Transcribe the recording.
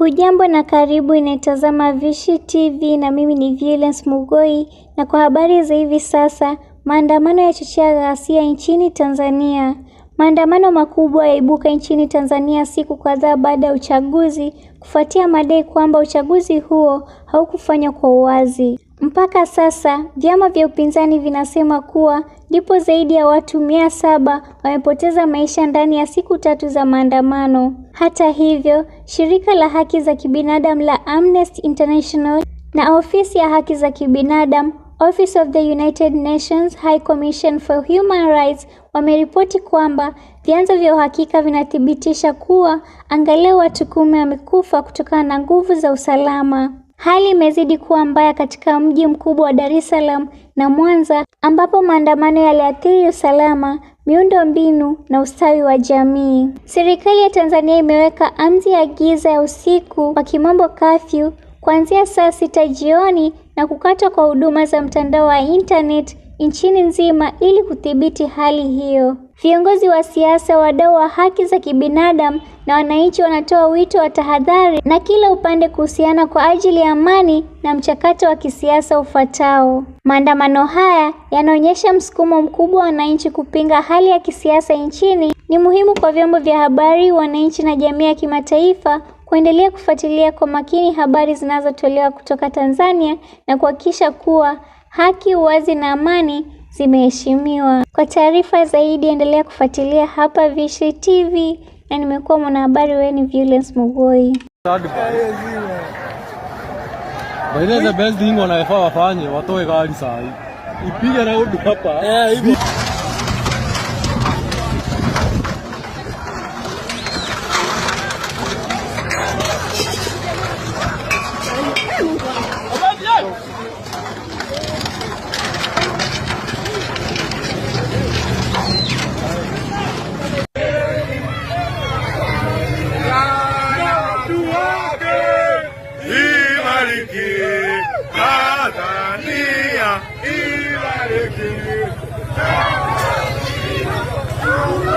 Hujambo na karibu, inayetazama Veushly TV na mimi ni Violence Mugoi, na kwa habari za hivi sasa, maandamano yachochea ghasia nchini Tanzania. Maandamano makubwa yaibuka nchini Tanzania siku kadhaa baada ya uchaguzi kufuatia madai kwamba uchaguzi huo haukufanywa kwa uwazi. Mpaka sasa vyama vya upinzani vinasema kuwa ndipo zaidi ya watu mia saba wamepoteza maisha ndani ya siku tatu za maandamano. Hata hivyo, shirika la haki za kibinadamu la Amnesty International na ofisi ya haki za kibinadamu Office of the United Nations High Commission for Human Rights wameripoti kwamba vyanzo vya uhakika vinathibitisha kuwa angalau watu kumi wamekufa kutokana na nguvu za usalama. Hali imezidi kuwa mbaya katika mji mkubwa wa Dar es Salaam na Mwanza ambapo maandamano yaliathiri usalama, miundo mbinu na ustawi wa jamii. Serikali ya Tanzania imeweka amri ya giza ya usiku wa kimombo kafyu kuanzia saa sita jioni na kukatwa kwa huduma za mtandao wa internet nchini nzima ili kudhibiti hali hiyo. Viongozi wa siasa, wadau wa haki za kibinadamu na wananchi wanatoa wito wa tahadhari na kila upande kuhusiana kwa ajili ya amani na mchakato wa kisiasa ufuatao. Maandamano haya yanaonyesha msukumo mkubwa wa wananchi kupinga hali ya kisiasa nchini. Ni muhimu kwa vyombo vya habari, wananchi na jamii ya kimataifa kuendelea kufuatilia kwa makini habari zinazotolewa kutoka Tanzania na kuhakikisha kuwa haki, uwazi na amani zimeheshimiwa. Kwa taarifa zaidi, endelea kufuatilia hapa Veushly TV, na nimekuwa mwanahabari ni Violence Mugoi. Baile the best thing wanafaa wafanye, watoe gari sahi. hii ipige raundi hapa. Oh,